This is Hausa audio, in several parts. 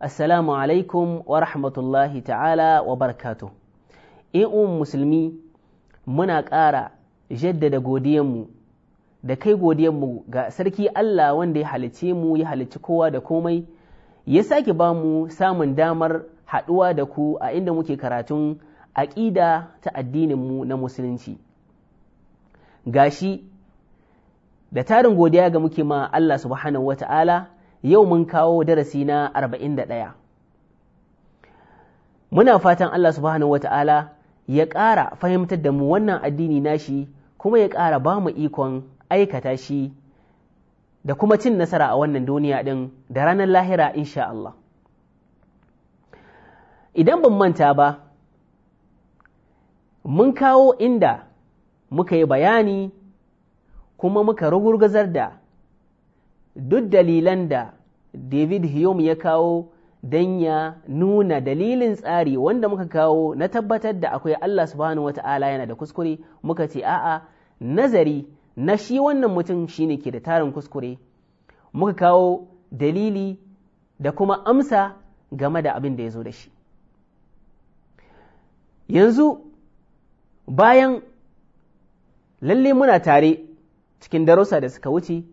Assalamu alaikum wa rahmatullahi ta'ala wa In ‘Yan musulmi muna ƙara jaddada godiyanmu da kai godiyanmu ga sarki Allah wanda ya halice mu ya halici kowa da komai, ya sake ba mu samun damar haɗuwa da ku a inda muke karatun aƙida ta addininmu na musulunci. Gashi da tarin godiya ga muke ma Allah subhanahu wa ta'ala. yau mun kawo darasi na 41 muna fatan Allah subhanahu wata'ala ya ƙara fahimtar da mu wannan addini nashi kuma ya ƙara ba mu ikon aikata shi da kuma cin nasara a wannan duniya ɗin da ranar lahira insha Allah idan ban manta ba mun kawo inda muka yi bayani kuma muka rugurgazar da duk dalilan da david hume ya kawo don ya nuna dalilin tsari wanda muka kawo na tabbatar da akwai allah subhanahu wa ta'ala yana da kuskure muka ce a'a nazari na shi wannan mutum shi ne ke da tarin kuskure muka kawo dalili da kuma amsa game da abin da ya zo da shi yanzu bayan lalle muna tare cikin darussa da suka wuce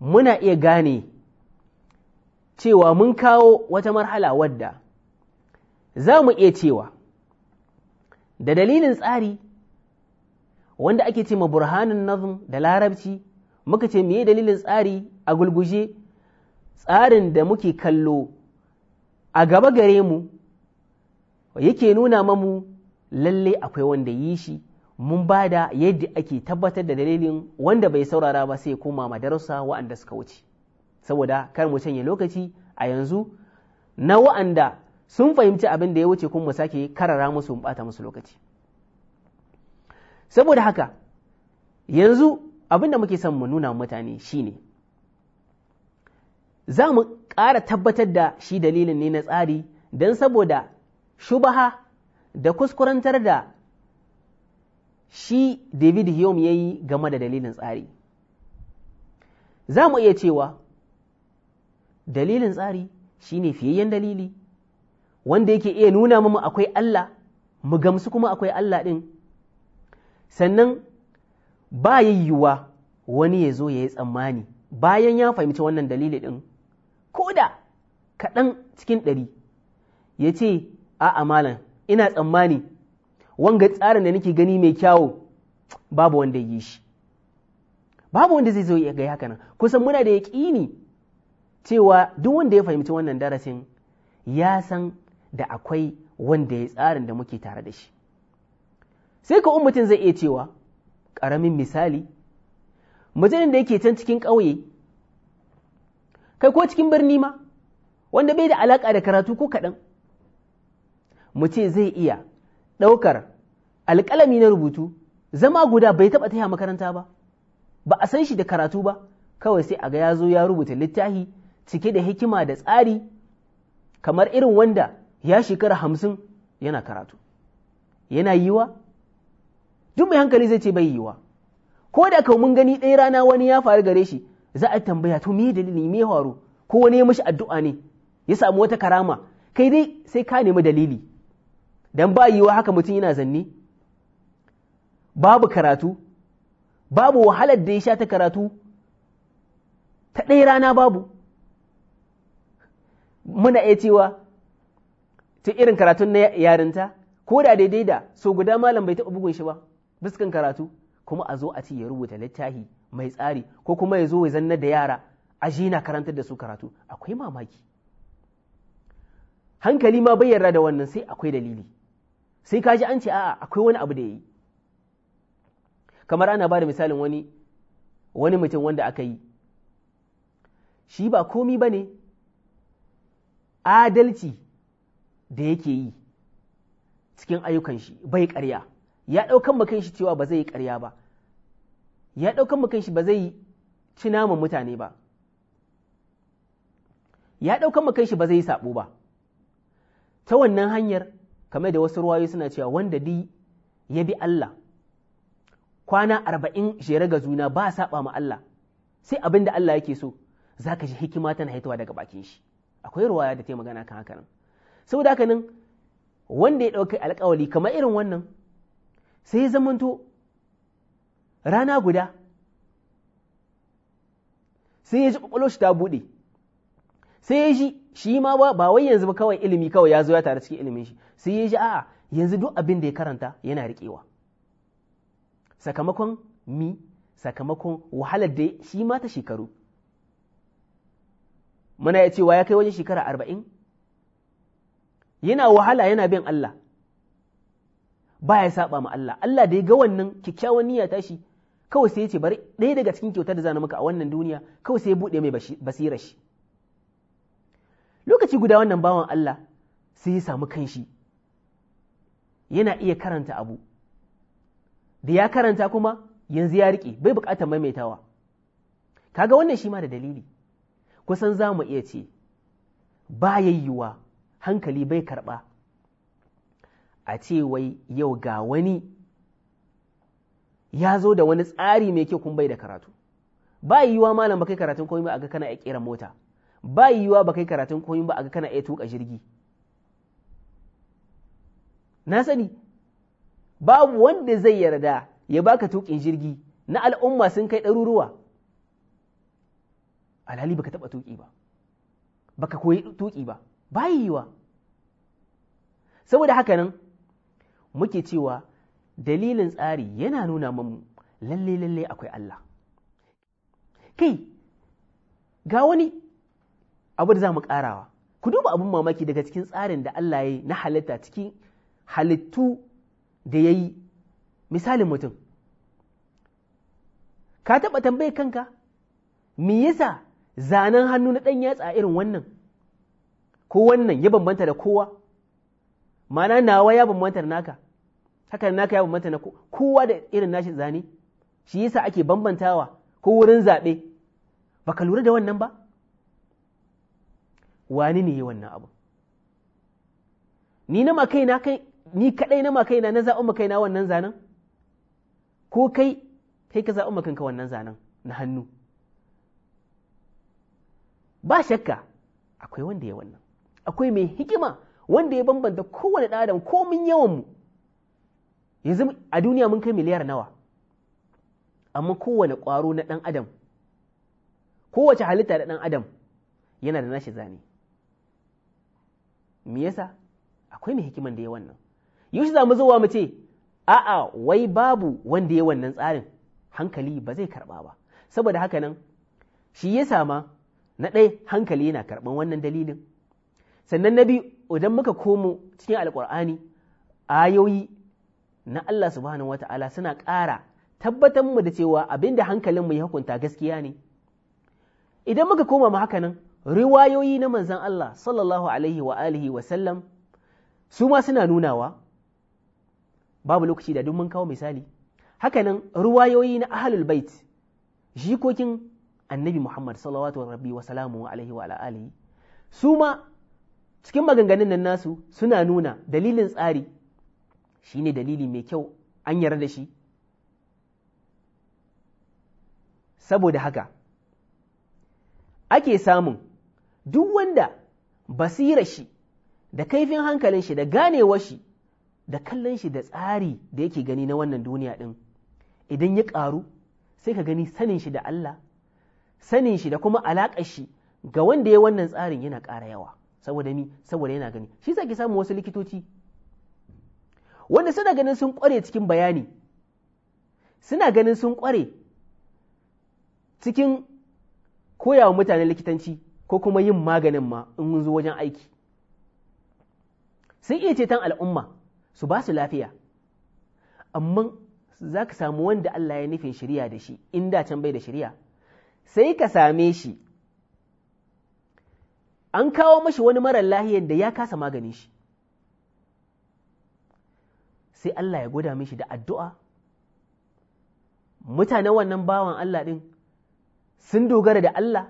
muna iya gane cewa mun kawo wata marhala wadda za mu iya cewa da dalilin tsari wanda ake ce ma burhanin nazm da larabci muka ce meye dalilin tsari a gulguje tsarin da muke kallo a gaba gare mu yake nuna mamu lalle akwai wanda yi shi mun bada yadda ake tabbatar da dalilin wanda bai saurara ba sai koma madarasa wa'anda suka wuce saboda kar mu canye lokaci a yanzu na wa'anda sun fahimci abin da ya wuce kuma mu sake karara musu mu bata musu lokaci saboda haka yanzu abin da muke son mu nuna mutane shine za mu ƙara tabbatar da shi dalilin ne na tsari don saboda shubaha da kuskurantar da shi David Hume ya yi game da dalilin tsari. Za mu iya cewa dalilin tsari shi shine fiyayyen dalili wanda yake iya nuna mamu akwai Allah mu gamsu kuma akwai Allah ɗin sannan ba yayyuwa wani ya zo ya yi tsammani bayan ya fahimci wannan dalili ɗin ko da kaɗan cikin ɗari ya ce a'a malam ina tsammani wanga tsarin da nake gani mai kyawo babu wanda ya yi shi babu wanda zai zo ya ga haka nan kusan muna da yaƙini cewa duk wanda ya fahimci wannan darasin ya san da akwai wanda ya tsarin da muke tare da shi sai ka mutum zai iya cewa ƙaramin misali mutumin da yake can cikin ƙauye kai ko cikin birni ma wanda bai da alaƙa da karatu ko kaɗan mu ce zai iya ɗaukar alƙalami na rubutu zama guda bai taɓa taya makaranta ba ba a san shi da karatu ba kawai sai a ga ya zo ya rubuta littafi cike da hikima da tsari kamar irin wanda ya shekara hamsin yana karatu yana yiwa duk mai hankali zai ce bai yiwa ko da kau mun gani ɗaya rana wani ya faru gare shi za a tambaya to me dalili me faru ko wani ya mishi addu'a ne ya samu wata karama kai dai sai ka nemi dalili dan ba yiwa haka mutum yana zanne babu karatu babu wahalar da ya sha ta karatu ta ɗaya rana babu muna iya cewa ta irin karatun na yarinta ko da daidai da so guda malam bai taɓa bugun shi ba biskan karatu kuma a zo a ce ya rubuta littafi mai tsari ko kuma ya zo ya zanna da yara a na karantar da su karatu akwai mamaki hankali ma bai yarda da wannan sai akwai dalili sai kaji an ce a'a akwai wani abu da yayi kamar ana ba da misalin wani wani mutum wanda aka yi shi ba komi ba ne adalci da yake yi cikin ayyukan shi bai ƙarya ya ɗaukan makan shi cewa ba zai yi ƙarya ba ya ɗaukan makan shi ba zai ci naman mutane ba ya ɗaukan makan shi ba zai yi saɓo ba ta wannan hanyar kamar da wasu ruwayoyi suna cewa wanda di ya bi Allah kwana arba'in shere ga juna ba saɓa ma Allah sai abin da Allah yake so za ka ji hikima tana haituwa daga bakin shi akwai ruwaya da ta magana kan haka nan saboda haka nan wanda ya ɗauki alkawali kamar irin wannan sai ya zamanto rana guda sai ya ji ƙwaƙwalwar shi ta buɗe sai ya ji shi ma ba wai yanzu ba kawai ilimi kawai ya zo ya tare cikin ilimin shi sai ya ji a'a yanzu duk abin da ya karanta yana riƙewa sakamakon mi sakamakon wahalar da shi ma ta shekaru muna ya cewa ya kai wajen shekara arba'in yana wahala yana bin Allah ba ya saba ma Allah Allah da ya ga wannan kyakkyawan niyya shi kawai sai ya ce bari ɗaya daga cikin kyautar da zana maka a wannan duniya kawai sai ya buɗe mai basira shi lokaci guda wannan bawan Allah sai ya samu kanshi yana iya karanta abu da ya karanta kuma yanzu ya riƙe bai buƙatar maimaitawa kaga wannan shi ma da dalili kusan za mu iya ce ba yayyuwa hankali bai karɓa a ce wai yau ga wani ya zo da wani tsari mai kyau kun bai da karatu ba yiwuwa malam baka karatun komi ba a ga kana iya kera mota ba yiwuwa baka karatun komi ba a ga kana iya tuka jirgi na sani babu wanda zai yarda ya baka tukin jirgi na al'umma sun kai ɗaruruwa alhali baka taba tuki ba baka koyi tuki ba yi yiwa saboda haka nan muke cewa dalilin tsari yana nuna mamu lalle lalle akwai Allah kai ga wani abu da za mu ƙarawa ku duba abin mamaki daga cikin tsarin da Allah ya yi na halitta cikin halittu da yayi misalin mutum ka taɓa tambaye kanka me yasa zanen hannu na ɗan yatsa irin wannan ko wannan ya bambanta da kowa mana nawa ya bambanta da naka haka naka ya bambanta da kowa da irin nashi zane shi yasa ake bambantawa ko wurin zaɓe ba ka lura da wannan ba wani ne wannan abu ni na makaina kai ni kadai na makaina na zaɓi makaina wannan zanen ko kai kai ka zaɓi makanka wannan zanen na hannu ba shakka akwai wanda ya wannan akwai mai hikima wanda ya bambanta kowane ɗan adam komin yawan mu yanzu a duniya mun kai miliyar nawa amma kowane ƙwaro na ɗan adam kowace halitta da ɗan adam yana da nashi zane me yasa akwai mai hikiman da ya wannan yaushe za mu zuwa mu ce a'a wai babu wanda ya wannan tsarin hankali ba zai karɓa ba saboda haka nan shi ya sama na ɗaya hankali yana karɓan wannan dalilin sannan na biyu idan muka komo cikin alƙur'ani ayoyi na Allah subhanahu wata'ala suna ƙara tabbatar mu da cewa abin da hankalinmu ya hukunta gaskiya ne idan muka koma mu haka nan riwayoyi na manzan Allah sallallahu alaihi wa alihi wa sallam su ma suna nunawa babu lokaci da duk mun kawo misali hakanan riwayoyi na ahlul bait jikokin annabi Muhammad sallallahu alaihi wa salamu alaihi wa alihi su ma cikin maganganun nan nasu suna nuna dalilin tsari shine dalili mai kyau an yarda da shi saboda haka ake samun duk wanda basira shi da kaifin hankalin shi da ganewar shi da kallon shi da tsari da yake gani na wannan duniya din idan ya ƙaru sai ka gani sanin shi da Allah sanin shi da kuma alaƙar shi ga wanda ya wannan tsarin yana ƙara yawa saboda ni saboda yana gani shi sa ki samu wasu likitoci wanda suna ganin sun ƙware cikin bayani suna ganin sun ƙware cikin koyawa mutane likitanci ko kuma yin maganin ma in mun zo wajen aiki sun iya ceton al'umma su ba su lafiya amma za ka samu wanda Allah ya nufin shirya da shi in da can bai da shirya sai ka same shi an kawo mashi wani marar lahiyar da ya kasa magani shi sai Allah ya gwada mishi da addu'a mutanen wannan bawan Allah ɗin sun dogara da Allah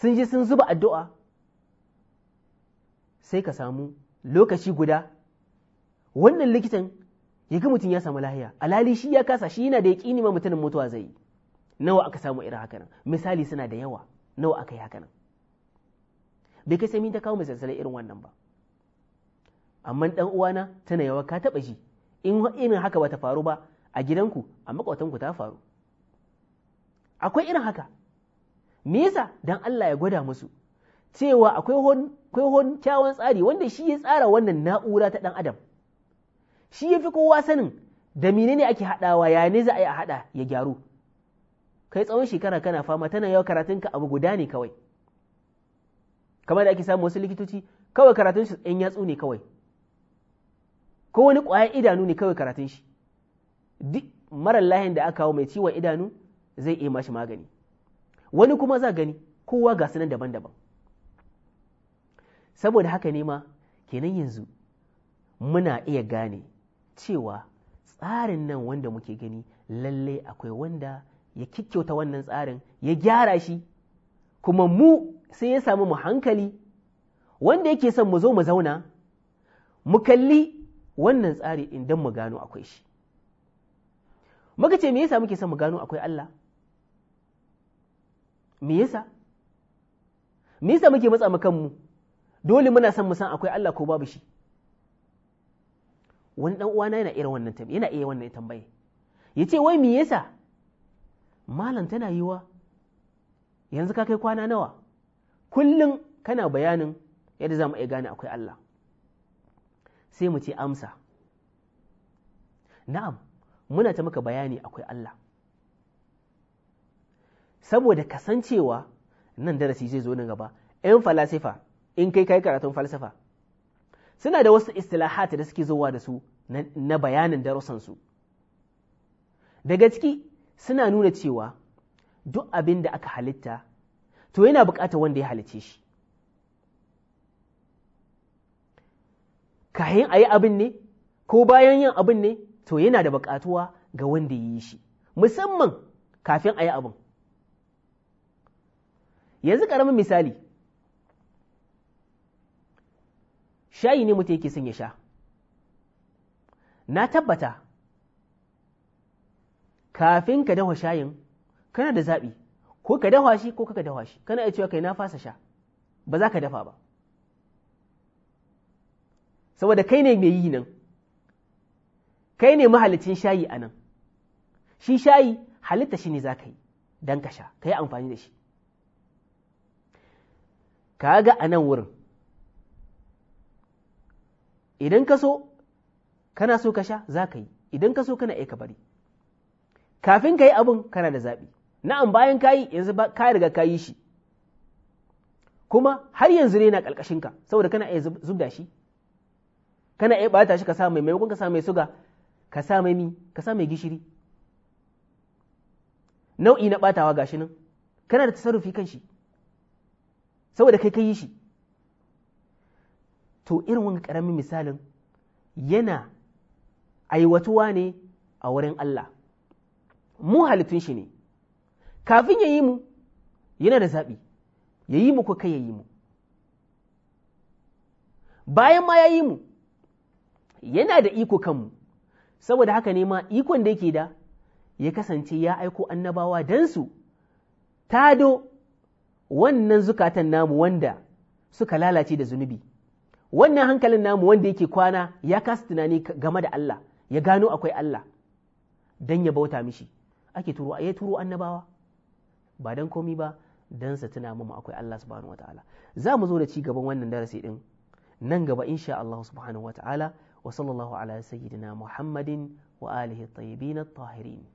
sun ji sun zuba addu'a sai ka samu lokaci guda wannan likitan ya ga mutum ya samu lahiya alhali shi ya kasa shi yana da ya ƙi ma mutumin mutuwa zai yi nawa aka samu irin haka nan misali suna da yawa nawa aka yi haka nan bai kai sai ta kawo misalsalai irin wannan ba amma dan uwana tana yawa ka taba shi in irin haka ba ta faru ba a gidanku a ku ta faru akwai irin haka me yasa dan Allah ya gwada musu cewa akwai hon kyawun tsari wanda shi ya tsara wannan na'ura ta dan adam shi ya fi kowa sanin da menene ake hadawa, ya ne za a yi a haɗa ya gyaru kai tsawon shekara kana fama tana yawa ka abu guda ne kawai kamar da ake samu wasu likitoci kawai karatun shi ɗan yatsu ne kawai ko wani ƙwayar idanu ne kawai karatun shi duk marar lahin da aka kawo mai ciwon idanu zai iya mashi magani wani kuma za gani kowa ga sunan daban-daban saboda haka ne ma kenan yanzu muna iya gane cewa tsarin nan wanda muke gani lallai akwai wanda ya kyakkyauta wannan tsarin ya gyara shi kuma mu sai ya samu mu hankali wanda yake son mu zo mu zauna mu kalli wannan tsari idan mu gano akwai shi muka ce me yasa muke son mu gano akwai Allah me yasa me yasa muke matsa mu kanmu dole muna son mu san akwai Allah ko babu shi wani dan uwana yana irin wannan tambaye yana iya wannan tambaye yace wai me yasa malam tana yiwa yanzu ka kai kwana nawa kullum kana bayanin yadda za mu iya gane akwai Allah sai mu ce amsa na'am muna ta maka bayani akwai Allah saboda kasancewa nan darasi zai zo nan gaba 'yan falasifa in kai kai karatun falsafa suna da wasu istilahata da suke zowa da su na bayanin su. daga ciki suna nuna cewa duk abin da aka halitta to yana bukata wanda ya halice shi kayan a yi abin ne ko bayan yin abin ne to yana da buƙatuwa ga wanda ya yi shi musamman kafin a yi abin yanzu ƙaramin misali shayi ne mutum yake son ya sha na tabbata kafin ka dafa shayin kana da zaɓi ko ka dafa shi ko kaka dafa shi kana iya cewa kai na fasa sha ba za ka dafa ba saboda kai ne mai yi nan kai ne mahalicin shayi a nan shi shayi halitta shi ne za ka yi don ka sha ka yi amfani da shi ka ga a nan wurin idan ka so kana so ka sha za ka yi idan ka so kana iya ka bari kafin ka yi abin kana da zaɓi na'am bayan ka yi yanzu ka riga ka yi shi kuma har yanzu ne na ƙarƙashinka saboda kana iya zubda shi kana iya ɓata shi ka sa mai maimakon ka sa mai suga ka sa mai mi ka sa mai gishiri nau'i na ɓatawa gashi nan kana da tasarrufi kan shi saboda kai ka yi shi to irin wani ƙaramin misalin yana aiwatuwa ne a wurin Allah mu halittun shi ne kafin ya yi mu yana da zaɓi ya yi mu ko kai ya yi mu bayan ma ya yi mu yana da iko kanmu saboda haka ne ma ikon da yake da ya kasance ya aiko annabawa don su tado wannan zukatan namu wanda suka lalace da zunubi wannan hankalin namu wanda yake kwana ya kasa tunani game da Allah ya gano akwai Allah don ya bauta mishi ake turo ya turo annabawa ba dan komi ba dan sa tuna mu akwai Allah subhanahu ta'ala. za mu zo da ci gaban wannan darasi din nan gaba insha Allah subhanahu ta'ala wa sallallahu ala sayyidina Muhammadin wa alihi at-tayyibin at-tahirin